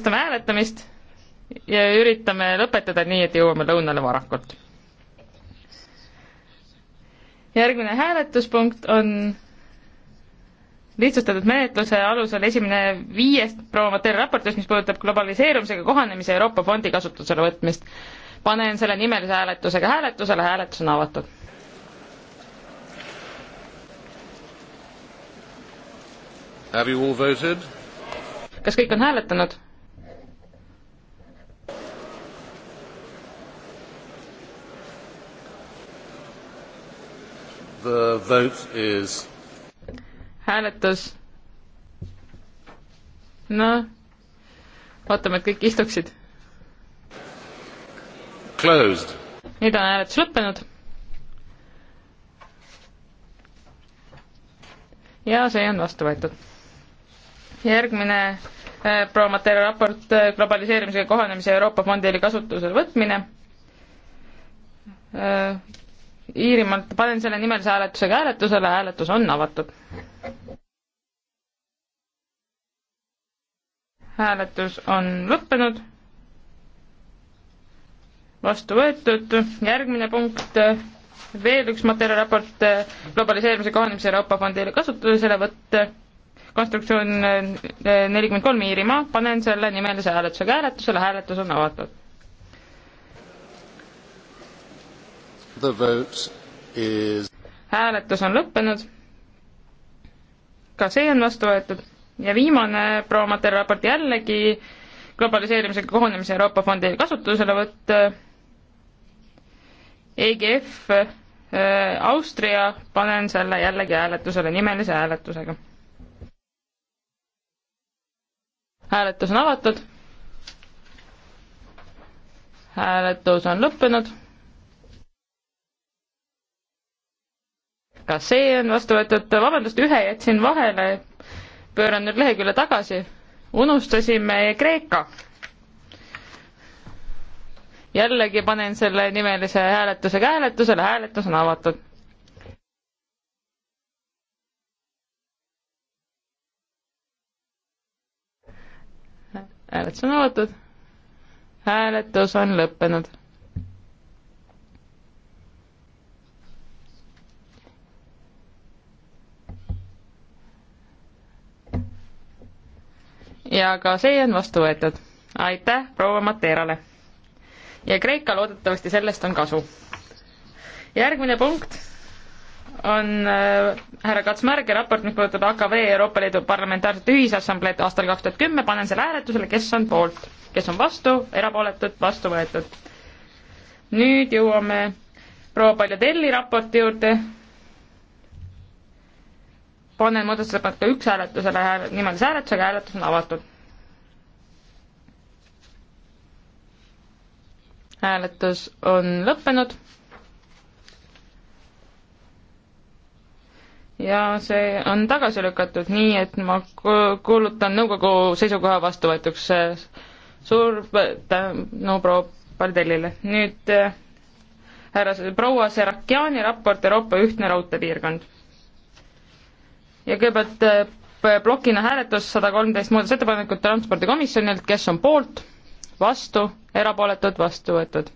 alustame hääletamist ja üritame lõpetada nii, et jõuame lõunale varakult. järgmine hääletuspunkt on lihtsustatud menetluse alusel esimene viiest proua Matera raportis, mis puudutab globaliseerumisega kohanemise Euroopa Fondi kasutusele võtmist. panen selle nimelise hääletusega hääletusele, hääletus on avatud. kas kõik on hääletanud? The vote is hääletus. noh, ootame, et kõik istuksid. Closed. nüüd on hääletus lõppenud. ja see on vastu võetud. järgmine äh, proua Matera raport äh, globaliseerimisega kohanemise Euroopa fondi kasutusele võtmine äh,. Iirimaalt, panen selle nimelise hääletusega hääletusele, hääletus on avatud. hääletus on lõppenud. vastu võetud, järgmine punkt, veel üks materjaliraport globaliseerimise kohanemise Euroopa fondile kasutusele võtta, konstruktsioon eh, eh, nelikümmend kolm Iirimaa, panen selle nimelise hääletusega hääletusele, hääletus on avatud. The vote is hääletus on lõppenud, ka see on vastu võetud ja viimane Promater raport jällegi globaliseerimisega kohanemise Euroopa Fondi kasutuselevõtt, EGF, äh, Austria, panen selle jällegi hääletusele nimelise hääletusega. hääletus on avatud, hääletus on lõppenud ka see on vastu võetud, vabandust, ühe jätsin vahele, pööran nüüd lehekülje tagasi, unustasime Kreeka. jällegi panen selle nimelise hääletusega hääletusele, hääletus on avatud hääletus on avatud. hääletus on lõppenud ja ka see on vastu võetud. aitäh proua Mateerale. ja Kreeka loodetavasti sellest on kasu. järgmine punkt on äh, härra Katsmärgi raport, mis puudutab AKV Euroopa Liidu Parlamentaarset Ühisassambleed aastal kaks tuhat kümme, panen selle hääletusele, kes on poolt, kes on vastu, erapooletud, vastu võetud. nüüd jõuame proua Paljadelli raporti juurde panen muudatusettepaneku üks hääletusele nimelise hääletusega, hääletus on avatud. hääletus on lõppenud. ja see on tagasi lükatud, nii et ma kuulutan nõukogu seisukoha vastuvõetuks suur tänu no, proua Pardellile. nüüd äh, härra proua Serakjani raport Euroopa ühtne raudteepiirkond ja kõigepealt eh, plokina hääletus sada kolmteist muudatusettepanekut transpordikomisjonilt, kes on poolt, vastu, erapooletud, vastu võetud.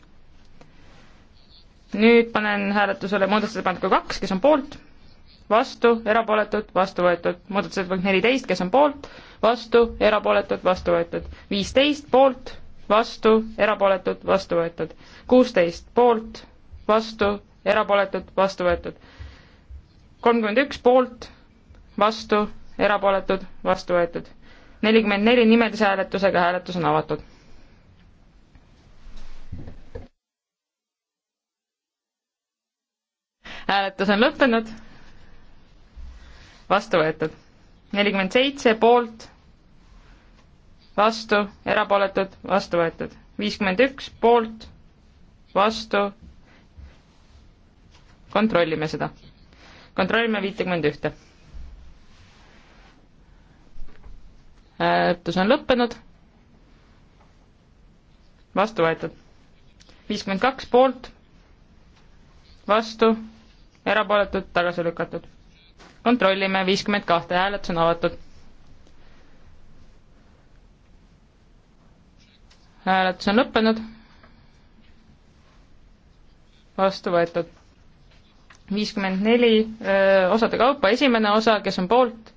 nüüd panen hääletusele muudatusettepaneku kaks, kes on poolt, vastu, erapooletud, vastu võetud. muudatusettepanek neliteist, kes on poolt, vastu, erapooletud, vastu võetud. viisteist poolt, vastu, erapooletud, vastu võetud. kuusteist poolt, vastu, erapooletud, vastu võetud. kolmkümmend üks poolt, vastu, erapooletud, vastu võetud. nelikümmend neli nimelise hääletusega hääletus on avatud. hääletus on lõppenud, vastu võetud. nelikümmend seitse poolt, vastu, erapooletud, vastu võetud. viiskümmend üks poolt, vastu, kontrollime seda. kontrollime viitekümmet ühte hääletus on lõppenud. vastu võetud. viiskümmend kaks poolt, vastu, erapooletud, tagasi lükatud. kontrollime, viiskümmend kahte, hääletus on avatud. hääletus on lõppenud. vastu võetud. viiskümmend neli osade kaupa, esimene osa, kes on poolt,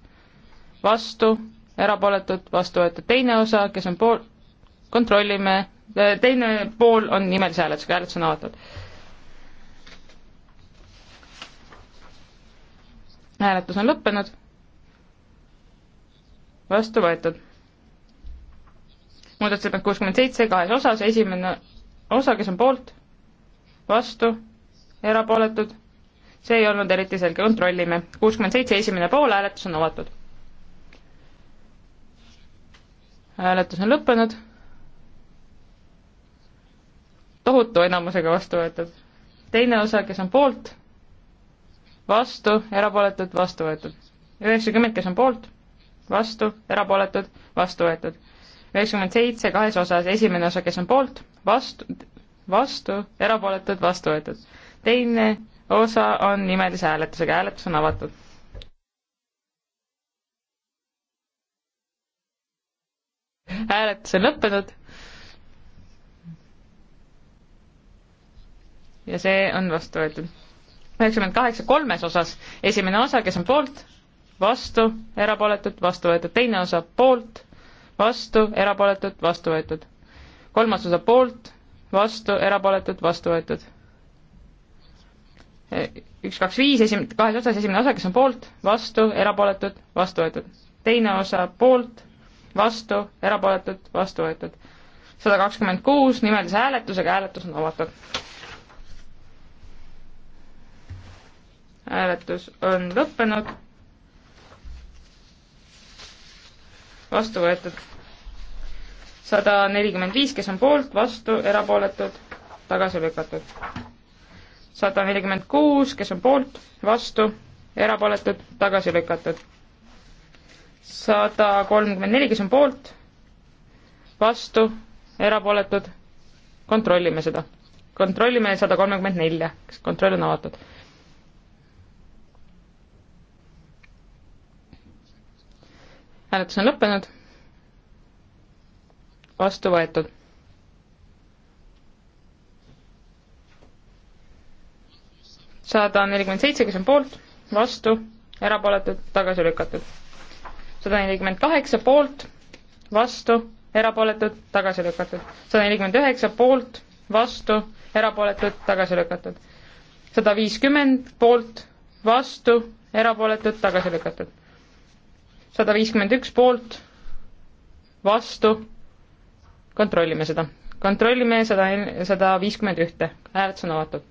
vastu erapooletud, vastu võetud teine osa, kes on pool, kontrollime, äh, teine pool on nimelise hääletusega, hääletus on avatud. hääletus on lõppenud, vastu võetud. muudatusettepanek kuuskümmend seitse kahes osas, esimene osa, kes on poolt, vastu, erapooletud, see ei olnud eriti selge, kontrollime. kuuskümmend seitse, esimene pool, hääletus on avatud hääletus on lõppenud. tohutu enamusega vastu võetud. teine osa, kes on poolt, vastu, erapooletud, vastu võetud. üheksakümmend, kes on poolt, vastu, erapooletud, vastu võetud. üheksakümmend seitse kahes osas, esimene osa, kes on poolt, vastu, vastu, erapooletud, vastu võetud. teine osa on nimelise hääletusega, hääletus on avatud hääletus on lõppenud. ja see on vastu võetud. üheksakümmend kaheksa kolmes osas, esimene osa, kes on poolt, vastu, erapooletud, vastu võetud, teine osa poolt, vastu, erapooletud, vastu võetud. kolmas osa poolt, vastu, erapooletud, vastu võetud üks, kaks, viis, esim-, kahes osas esimene osa, kes on poolt, vastu, erapooletud, vastu võetud. teine osa poolt, vastu, erapooletud, vastu võetud. sada kakskümmend kuus nimelise hääletusega, hääletus on avatud. hääletus on lõppenud. vastu võetud. sada nelikümmend viis, kes on poolt, vastu, erapooletud, tagasi lükatud. sada nelikümmend kuus, kes on poolt, vastu, erapooletud, tagasi lükatud sada kolmkümmend neli, kes on poolt, vastu, erapooletud, kontrollime seda. kontrollime sada kolmekümmend nelja, kas kontroll on avatud? hääletus on lõppenud, vastu võetud. sada nelikümmend seitse, kes on poolt, vastu, erapooletud, tagasi lükatud sada nelikümmend kaheksa poolt, vastu, erapooletud, tagasi lükatud. sada nelikümmend üheksa poolt, vastu, erapooletud, tagasi lükatud. sada viiskümmend poolt, vastu, erapooletud, tagasi lükatud. sada viiskümmend üks poolt, vastu, kontrollime seda. kontrollime sada, sada viiskümmend ühte, hääletus on avatud.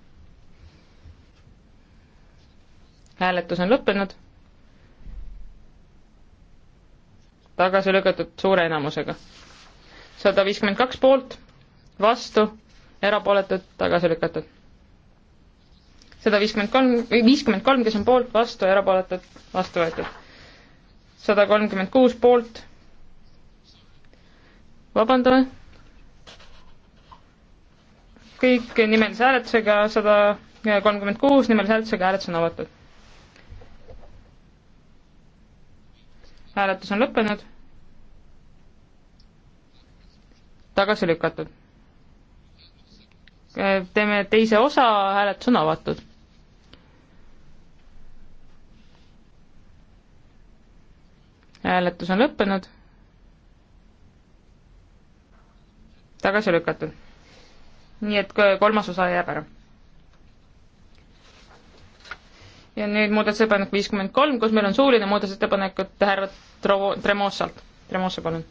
hääletus on lõppenud tagasi lükatud suure enamusega. sada viiskümmend kaks poolt, vastu, erapooletud, tagasi lükatud. sada viiskümmend kolm, viiskümmend kolm, kes on poolt, vastu, erapooletud, vastu võetud. sada kolmkümmend kuus poolt, vabandame, kõik nimelise hääletusega, sada kolmkümmend kuus nimelise hääletusega hääletus on avatud hääletus on lõppenud tagasi lükatud. teeme teise osa, hääletus on avatud. hääletus on lõppenud. tagasi lükatud. nii et kolmas osa jääb ära. ja nüüd muudatusettepanek viiskümmend kolm, kus meil on suuline muudatusettepanek härra Tremossalt. Tremossa, palun.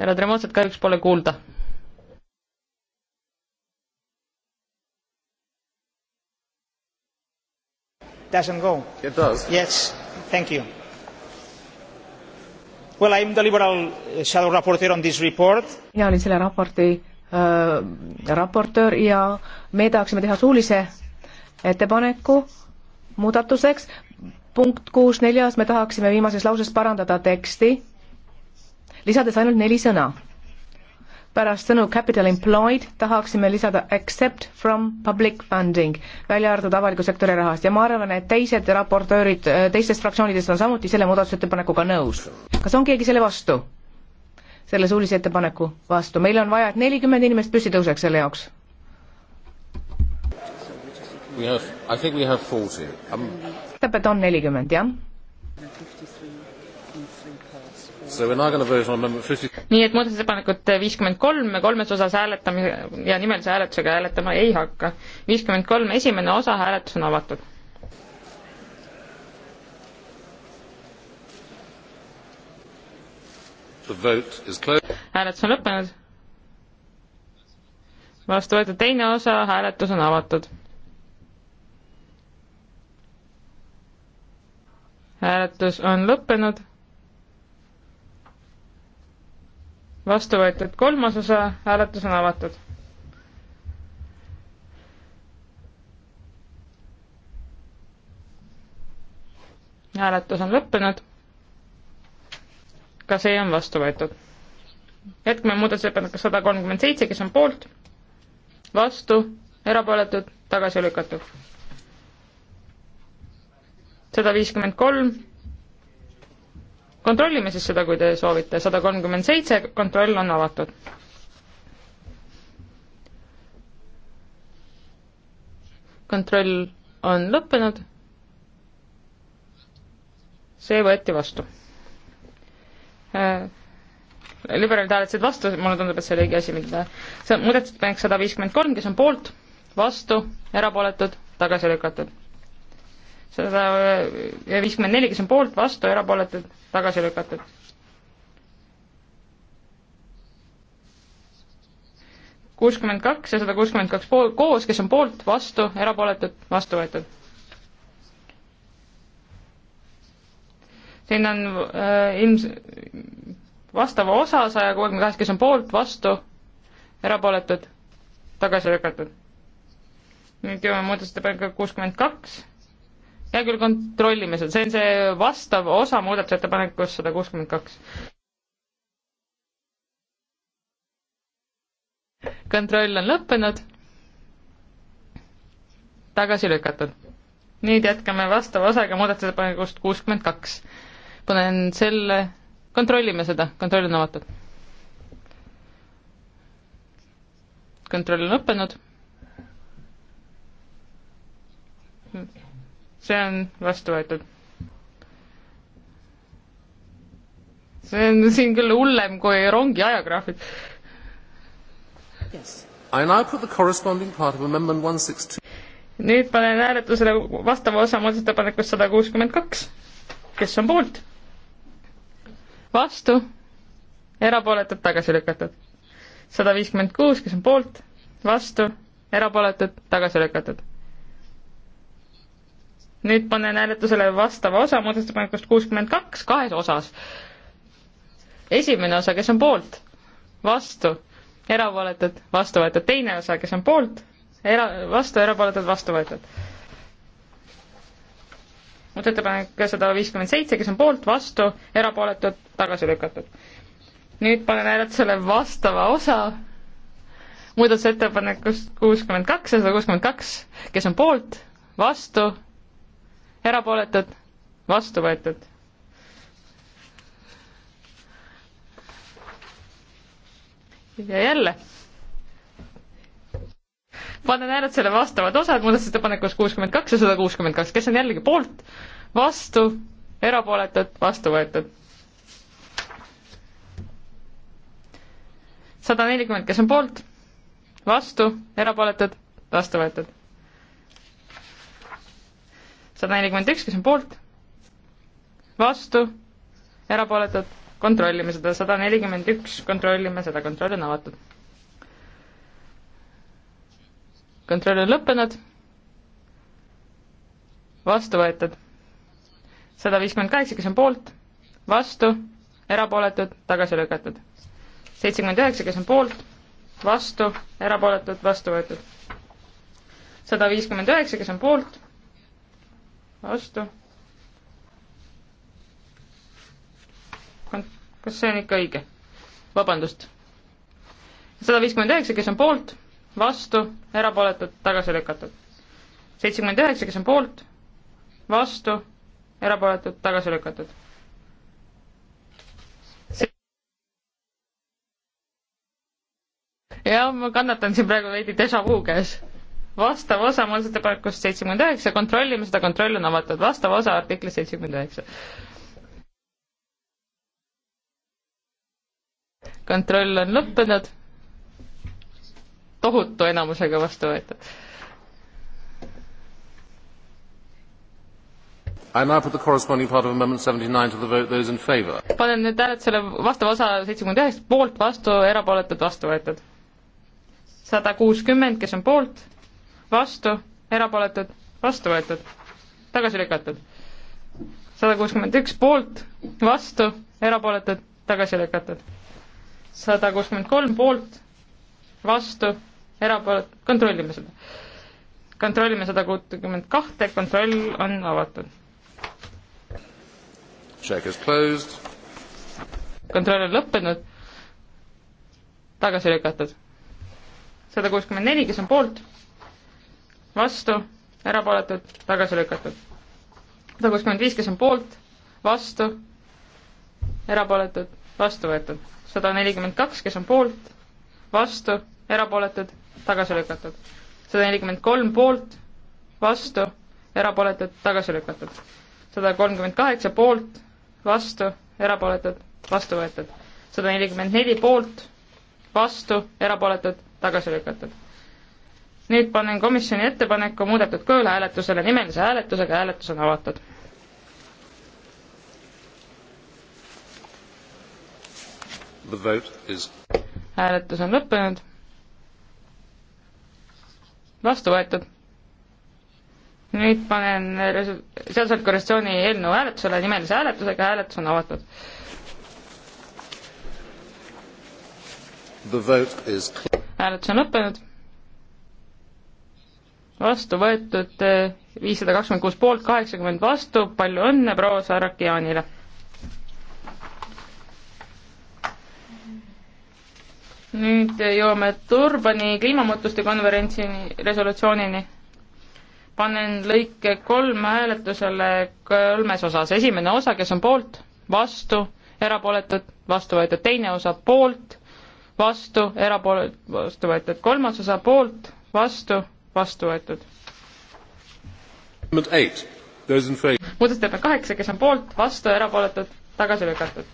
härra Tremotsat kahjuks pole kuulda. Doesn't go. It does. Yes, thank you. Well, I am the liberal uh, shadow raporteur on this report. mina olin selle raporti äh, raportöör ja me tahaksime teha suulise ettepaneku muudatuseks. punkt kuus neljas, me tahaksime viimases lauses parandada teksti lisades ainult neli sõna. pärast sõnu capital employed tahaksime lisada except from public funding, välja arvatud avaliku sektori rahast ja ma arvan, et teised raportöörid äh, teistest fraktsioonidest on samuti selle muudatusettepanekuga nõus. kas on keegi selle vastu? selle suulise ettepaneku vastu, meil on vaja, et nelikümmend inimest püsti tõuseks selle jaoks. Um, täpselt on nelikümmend, jah nii et muudatusettepanekut viiskümmend kolm me kolmes osas hääletame ja nimelise hääletusega hääletama ei hakka. viiskümmend kolm, esimene osa, hääletus on avatud. hääletus on lõppenud. vastu võetud teine osa, hääletus on avatud hääletus on lõppenud. vastu võetud kolmas osa, hääletus on avatud. hääletus on lõppenud. ka see on vastu võetud. jätkame muudatusettepanekuga sada kolmkümmend seitse, kes on poolt, vastu, erapooletud, tagasi lükatud. sada viiskümmend kolm kontrollime siis seda, kui te soovite, sada kolmkümmend seitse, kontroll on avatud. kontroll on lõppenud. see võeti vastu. Äh, liberaalid hääletasid vastu, mulle tundub, et see oli õige asi, mida see on muudatusettepanek sada viiskümmend kolm, kes on poolt, vastu, erapooletud, tagasi lükatud sada viiskümmend neli, kes on poolt, vastu, erapooletud, tagasi lükatud. kuuskümmend kaks ja sada kuuskümmend kaks pool, koos, kes on poolt, vastu, erapooletud, vastu võetud. siin on äh, ilms-, vastava osa saja kuuekümne kahest, kes on poolt, vastu, erapooletud, tagasi lükatud. nüüd jõuame muudatusettepaneku kuuskümmend kaks hea küll, kontrollime seda, see on see vastav osa muudatusettepanekust sada kuuskümmend kaks. kontroll on lõppenud, tagasi lükatud. nüüd jätkame vastava osaga muudatusettepanekust kuuskümmend kaks. panen selle, kontrollime seda, kontroll on avatud. kontroll on lõppenud see on vastu võetud. see on siin küll hullem kui rongi ajagraafik yes.. nüüd panen hääletusele vastava osa muudatusettepanekust sada kuuskümmend kaks. kes on poolt? vastu? erapooletud, tagasi lükatud. sada viiskümmend kuus, kes on poolt? vastu? erapooletud, tagasi lükatud nüüd panen hääletusele vastava osa muudatusettepanekust kuuskümmend kaks kahes osas. esimene osa, kes on poolt, vastu, erapooletud, vastu võetud, teine osa, kes on poolt, era-, vastu, erapooletud, vastu võetud. muudatusettepanek sada viiskümmend seitse, kes on poolt, vastu, erapooletud, tagasi lükatud. nüüd panen hääletusele vastava osa muudatusettepanekust kuuskümmend kaks ja sada kuuskümmend kaks, kes on poolt, vastu, erapooletud, vastu võetud. ja jälle. panen hääletusele vastavad osad muudatusettepanekus kuuskümmend kaks ja sada kuuskümmend kaks, kes on jällegi poolt, vastu, erapooletud, vastu võetud. sada nelikümmend, kes on poolt, vastu, erapooletud, vastu võetud sada nelikümmend üks, kes on poolt, vastu, erapooletud, kontrollime seda, sada nelikümmend üks, kontrollime seda, kontroll on avatud. kontroll on lõppenud, vastu võetud, sada viiskümmend kaheksa, kes on poolt, vastu, erapooletud, tagasi lükatud. seitsekümmend üheksa, kes on poolt, vastu, erapooletud, vastu võetud. sada viiskümmend üheksa, kes on poolt, vastu. kas see on ikka õige? vabandust. sada viiskümmend üheksa, kes on poolt, vastu, erapooletud, tagasi lükatud. seitsekümmend üheksa, kes on poolt, vastu, erapooletud, tagasi lükatud jah, ma kannatan siin praegu veidi déjà vu käes vastav osa muudatusettepanekust seitsekümmend üheksa, kontrollime seda, kontroll on avatud, vastav osa artiklis seitsekümmend üheksa. kontroll on lõppenud, tohutu enamusega vastu võetud. I now put the corresponding part of amendment 79 to the vote those in favour. panen nüüd hääletusele vastava osa seitsekümmend üheksa, poolt, vastu, erapooletud, vastu võetud. sada kuuskümmend, kes on poolt vastu, erapooletud, vastu võetud, tagasi lükatud. sada kuuskümmend üks poolt, vastu, erapooletud, tagasi lükatud. sada kuuskümmend kolm poolt, vastu, erapooletud, kontrollime seda. kontrollime sada kuutekümmend kahte, kontroll on avatud. Check is closed. kontroll on lõppenud, tagasi lükatud. sada kuuskümmend neli, kes on poolt vastu, erapooletud, tagasi lükatud. sada kuuskümmend viis, kes on poolt, vastu, erapooletud, vastu võetud. sada nelikümmend kaks, kes on poolt, vastu, erapooletud, tagasi lükatud. sada nelikümmend kolm poolt, vastu, erapooletud, tagasi lükatud. sada kolmkümmend kaheksa poolt, vastu, erapooletud, vastu võetud. sada nelikümmend neli poolt, vastu, erapooletud, tagasi lükatud nüüd panen komisjoni ettepaneku muudetud kujul hääletusele, nimelise hääletusega hääletus on avatud. Is... hääletus on lõppenud. vastu võetud. nüüd panen resu-, sealselt korrektsiooni eelnõu hääletusele, nimelise hääletusega hääletus on avatud. hääletus on lõppenud vastu võetud eh, viissada kakskümmend kuus poolt, kaheksakümmend vastu, palju õnne proua Sarakianile! nüüd jõuame Durbani kliimamuutuste konverentsini, resolutsioonini. panen lõike kolm hääletusele kolmes osas, esimene osa, kes on poolt, vastu, erapooletud, vastu võetud, teine osa poolt, vastu, erapoole-, vastu võetud, kolmas osa poolt, vastu, vastu võetud. muudatusettepanek kaheksa, kes on poolt, vastu, erapooletud, tagasi lükatud.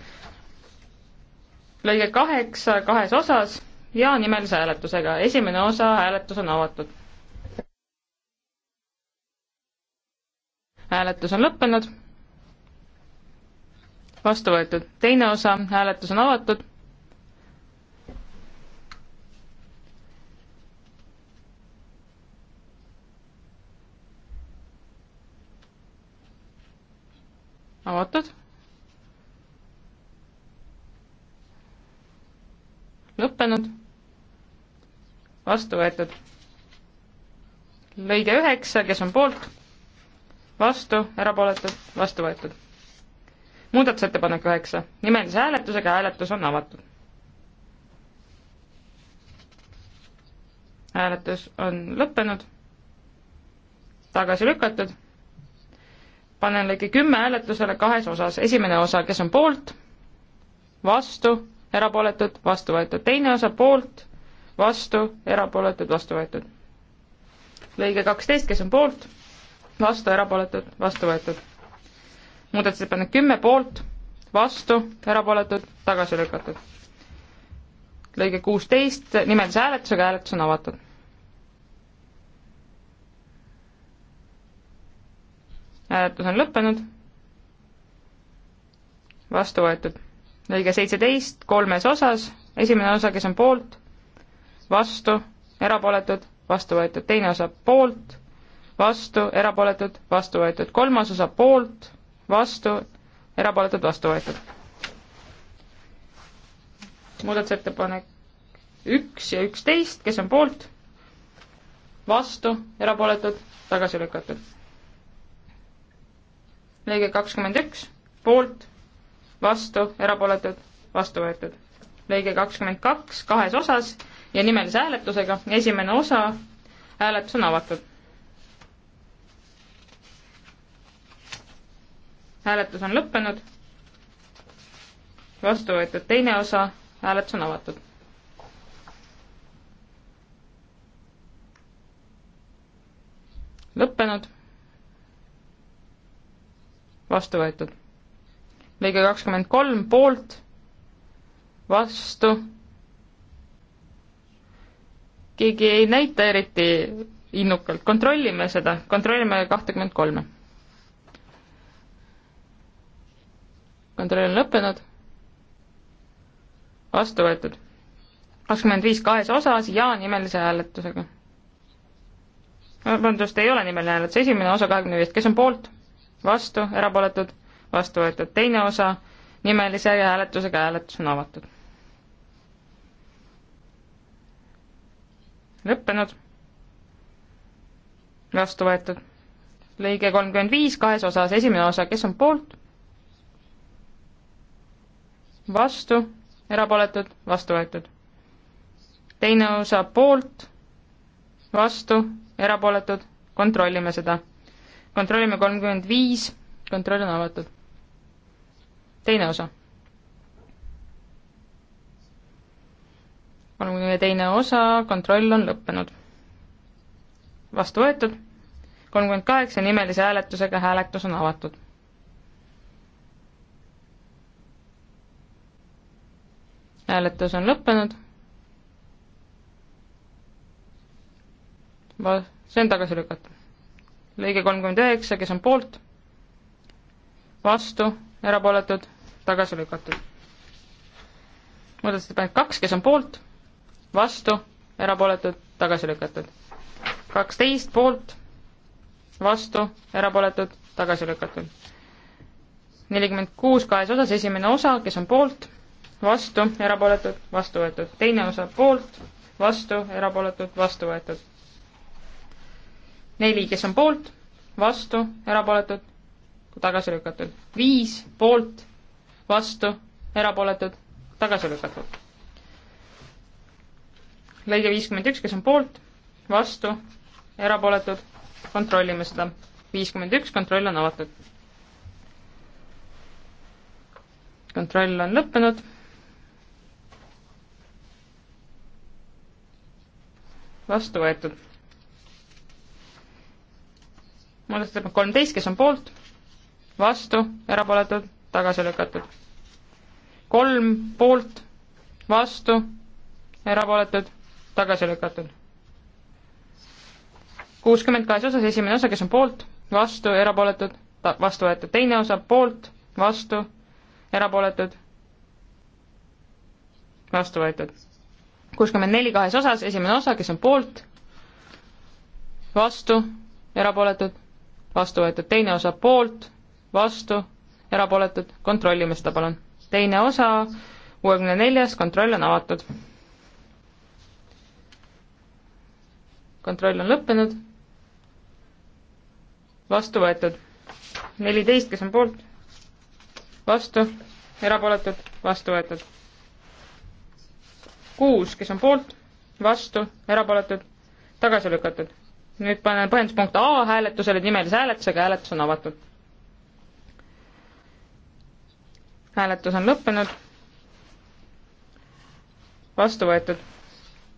lõige kaheksa kahes osas ja nimelise hääletusega. esimene osa, hääletus on avatud. hääletus on lõppenud. vastu võetud. teine osa, hääletus on avatud avatud. lõppenud. vastu võetud. lõige üheksa, kes on poolt? vastu, erapooletud, vastu võetud. muudatusettepanek üheksa, nimelise hääletusega hääletus on avatud. hääletus on lõppenud, tagasi lükatud panen lõige kümme hääletusele kahes osas, esimene osa, kes on poolt, vastu, erapooletud, vastu võetud, teine osa poolt, vastu, erapooletud, vastu võetud. lõige kaksteist, kes on poolt, vastu, erapooletud, vastu võetud. muudatusettepanek kümme poolt, vastu, erapooletud, tagasi lükatud. lõige kuusteist, nimelise hääletusega hääletus on avatud hääletus on lõppenud, vastu võetud. lõige seitseteist kolmes osas, esimene osa, kes on poolt, vastu, erapooletud, vastu võetud, teine osa poolt, vastu, erapooletud, vastu võetud, kolmas osa poolt, vastu, erapooletud, vastu võetud. muudatusettepanek üks ja üksteist, kes on poolt, vastu, erapooletud, tagasi lükatud lõige kakskümmend üks, poolt, vastu, erapooletud, vastu võetud. lõige kakskümmend kaks kahes osas ja nimelise hääletusega, esimene osa, hääletus on avatud hääletus on lõppenud. vastu võetud teine osa, hääletus on avatud. lõppenud vastu võetud. lõige kakskümmend kolm poolt, vastu. keegi ei näita eriti innukalt, kontrollime seda, kontrollime kahtekümmend kolme. kontroll on lõppenud, vastu võetud. kakskümmend viis kahes osas ja nimelise hääletusega vabandust, ei ole nimeline hääletus, esimene osa kahekümne viiest, kes on poolt? vastu, erapooletud, vastu võetud teine osa, nimelise hääletusega hääletus on avatud. lõppenud, vastu võetud. lõige kolmkümmend viis kahes osas, esimene osa, kes on poolt? vastu, erapooletud, vastu võetud. teine osa poolt, vastu, erapooletud, kontrollime seda kontrollime kolmkümmend viis, kontroll on avatud. teine osa. kolmekümne teine osa, kontroll on lõppenud. vastu võetud, kolmkümmend kaheksa nimelise hääletusega hääletus on avatud. hääletus on lõppenud va-, see on tagasi lükatud lõige kolmkümmend üheksa, kes on poolt, vastu, erapooletud, tagasi lükatud. muudatusettepanek kaks, kes on poolt, vastu, erapooletud, tagasi lükatud. kaksteist poolt, vastu, erapooletud, tagasi lükatud. nelikümmend kuus kahes osas, esimene osa, kes on poolt, vastu, erapooletud, vastu võetud. teine osa poolt, vastu, erapooletud, vastu võetud neli, kes on poolt, vastu, erapooletud, tagasi lükatud. viis poolt, vastu, erapooletud, tagasi lükatud. lõige viiskümmend üks, kes on poolt, vastu, erapooletud, kontrollime seda. viiskümmend üks, kontroll on avatud. kontroll on lõppenud vastu võetud muudatusettepanek kolmteist, kes on poolt, vastu, erapooletud, tagasi lükatud. kolm poolt, vastu, erapooletud, tagasi lükatud. kuuskümmend kahes osas, esimene osa, kes on poolt, vastu, erapooletud, vastu võetud, teine osa poolt, vastu, erapooletud, vastu võetud. kuuskümmend neli kahes osas, esimene osa, kes on poolt, vastu, erapooletud vastu võetud, teine osa poolt, vastu, erapooletud, kontrollime seda, palun. teine osa, kuuekümne neljas, kontroll on avatud. kontroll on lõppenud, vastu võetud, neliteist, kes on poolt, vastu, erapooletud, vastu võetud. kuus, kes on poolt, vastu, erapooletud, tagasi lükatud nüüd panen põhjenduspunkt A hääletusele nimelise hääletusega, hääletus on avatud. hääletus on lõppenud. vastu võetud.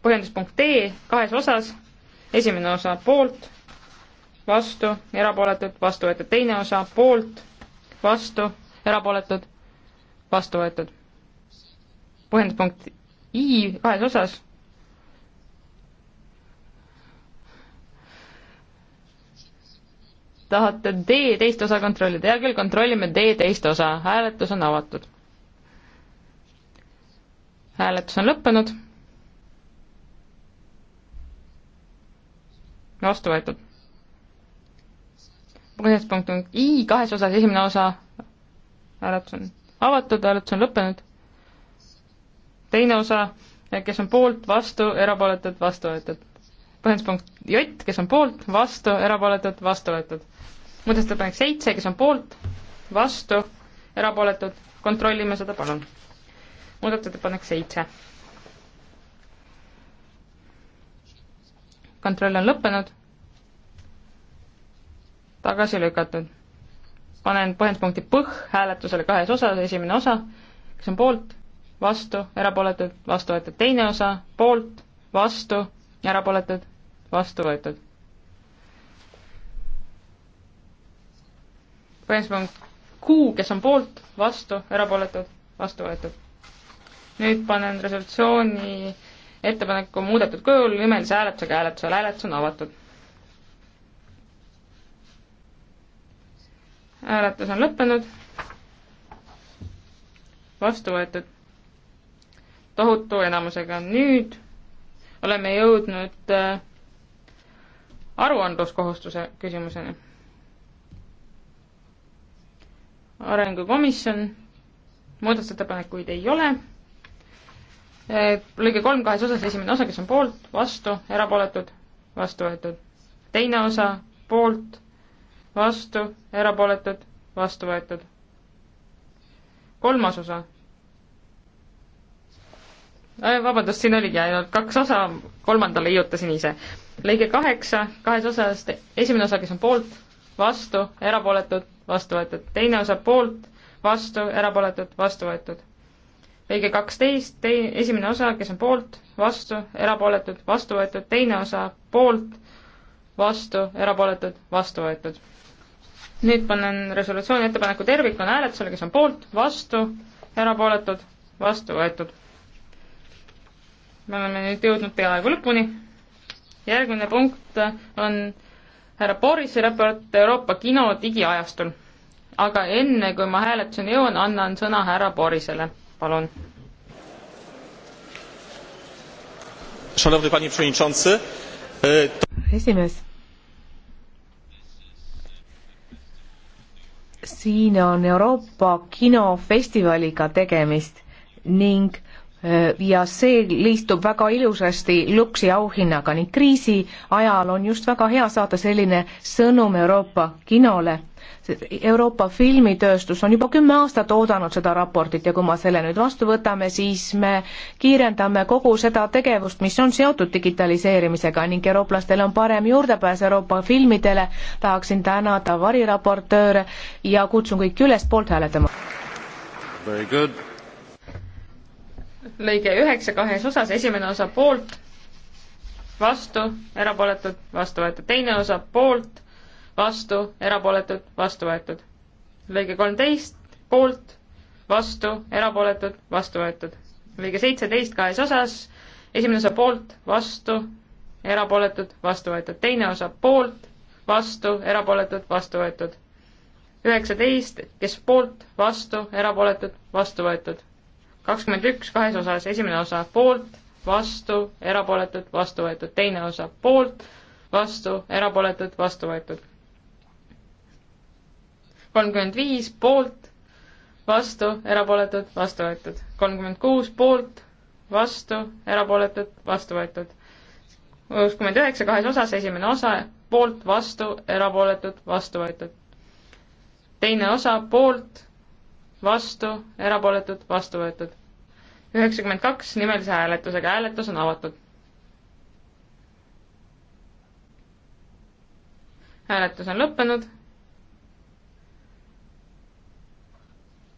põhjenduspunkt D kahes osas, esimene osa poolt, vastu, erapooletud, vastu võetud, teine osa poolt, vastu, erapooletud, vastu võetud. põhjenduspunkt I kahes osas tahate D teist osa kontrollida, hea küll, kontrollime D teist osa, hääletus on avatud. hääletus on lõppenud. vastu võetud. põhjenduspunkt on I kahes osas, esimene osa, hääletus on avatud, hääletus on lõppenud. teine osa, kes on poolt, vastu, erapooletud, vastu võetud. põhjenduspunkt J, kes on poolt, vastu, erapooletud, vastu võetud. muudatusettepanek seitse, kes on poolt, vastu, erapooletud, kontrollime seda, palun. muudatusettepanek seitse. kontroll on lõppenud. tagasi lükatud. panen põhjenduspunkti põh hääletusele kahes osas, esimene osa, kes on poolt, vastu, erapooletud, vastu võetud, teine osa, poolt, vastu, erapooletud vastu võetud. põhjenduspunkt Q, kes on poolt, vastu, erapooletud, vastu võetud. nüüd panen resolutsiooni ettepaneku muudetud kujul nimelise hääletusega hääletusele, hääletus on avatud. hääletus on lõppenud, vastu võetud tohutu enamusega. nüüd oleme jõudnud äh, aruandluskohustuse küsimuseni. arengukomisjon, muudatusettepanekuid ei ole, eh, lõige kolm kahes osas, esimene osa, kes on poolt, vastu, erapooletud, vastu võetud. teine osa, poolt, vastu, erapooletud, vastu võetud. kolmas osa äh, vabandust, siin oligi ainult kaks osa, kolmanda leiutasin ise lõige kaheksa kahes osas, esimene osa, kes on poolt, vastu, erapooletud, vastu võetud, teine osa poolt, vastu, erapooletud, vastu võetud. lõige kaksteist, tei-, esimene osa, kes on poolt, vastu, erapooletud, vastu võetud, teine osa poolt, vastu, erapooletud, vastu võetud. nüüd panen resolutsiooni ettepaneku tervikuna hääletusele, kes on poolt, vastu, erapooletud, vastu võetud. me oleme nüüd jõudnud peaaegu lõpuni järgmine punkt on härra Borisi raport Euroopa kino digiajastul. aga enne, kui ma hääletuseni jõuan, annan sõna härra Borisele, palun. E, esimees. siin on Euroopa kinofestivaliga tegemist ning Äh, ja see liistub väga ilusasti Luksi auhinnaga ning kriisi ajal on just väga hea saada selline sõnum Euroopa kinole. Euroopa filmitööstus on juba kümme aastat oodanud seda raportit ja kui me selle nüüd vastu võtame, siis me kiirendame kogu seda tegevust, mis on seotud digitaliseerimisega ning eurooplastel on parem juurdepääs Euroopa filmidele. tahaksin tänada variraportööre ja kutsun kõiki üles poolt hääletama. Very good lõige üheksa kahes osas, esimene osa poolt, vastu, erapooletud, vastu võetud, teine osa poolt, vastu, erapooletud, vastu võetud. lõige kolmteist, poolt, vastu, erapooletud, vastu võetud. lõige seitseteist kahes osas, esimene osa poolt, vastu, erapooletud, vastu võetud, teine osa poolt, vastu, erapooletud, vastu võetud. üheksateist, kes poolt, vastu, erapooletud, vastu võetud kakskümmend üks kahes osas, esimene osa poolt, vastu, erapooletud, vastu võetud, teine osa poolt, vastu, erapooletud, vastu võetud. kolmkümmend viis poolt, vastu, erapooletud, vastu võetud. kolmkümmend kuus poolt, vastu, erapooletud, vastu võetud. kuuskümmend üheksa kahes osas, esimene osa poolt, vastu, erapooletud, vastu võetud. teine osa poolt, vastu, erapooletud, vastu võetud üheksakümmend kaks nimelise hääletusega, hääletus on avatud. hääletus on lõppenud.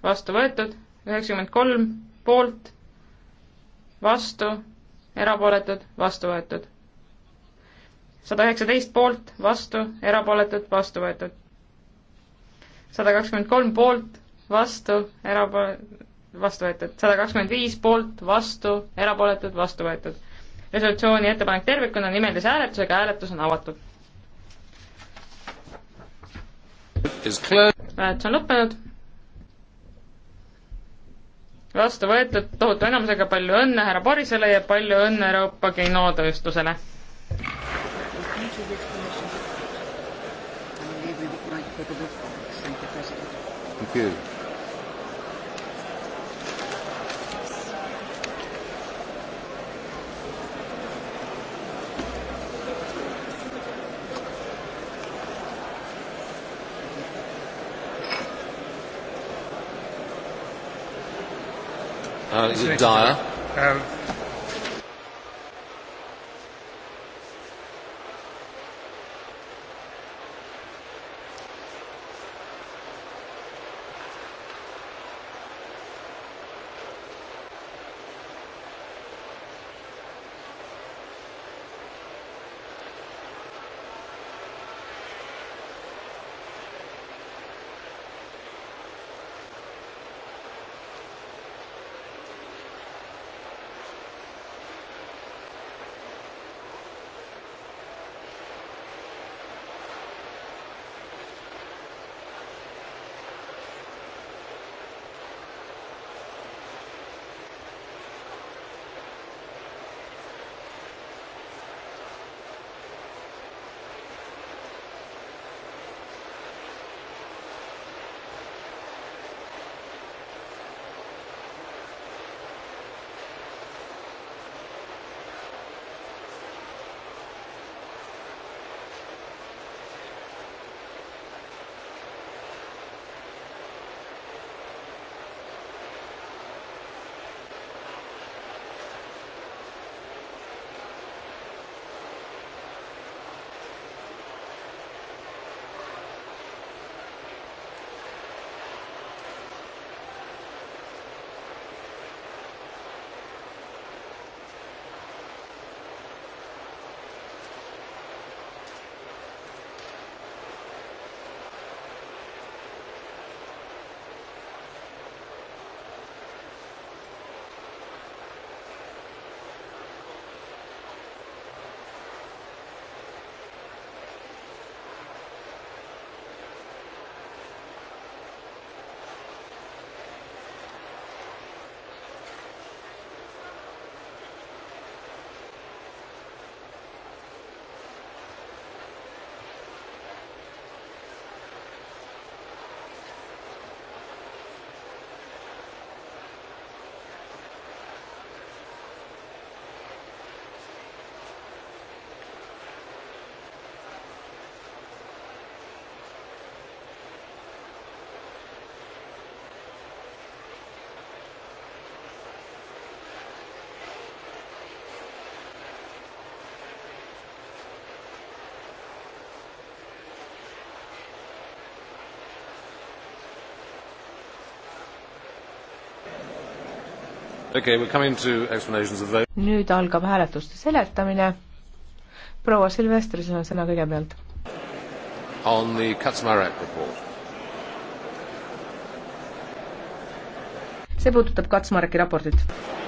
vastu võetud, üheksakümmend kolm poolt, vastu, erapooletud, vastu võetud. sada üheksateist poolt, vastu, erapooletud, vastu võetud. sada kakskümmend kolm poolt, vastu, erapooletud vastu võetud, sada kakskümmend viis poolt, vastu, erapooletud, vastu võetud. resolutsiooni ettepanek tervikuna nimelise hääletusega, hääletus on avatud. hääletus on lõppenud. vastu võetud tohutu enamusega, palju õnne härra Borisele ja palju õnne Euroopa kinotööstusele. Thank you. Uh, is it dire? Um, uh, Okay, nüüd algab hääletuste seletamine. proua Silvestrisel on sõna kõigepealt. On the Katsmarek report. see puudutab Katsmareki raportit.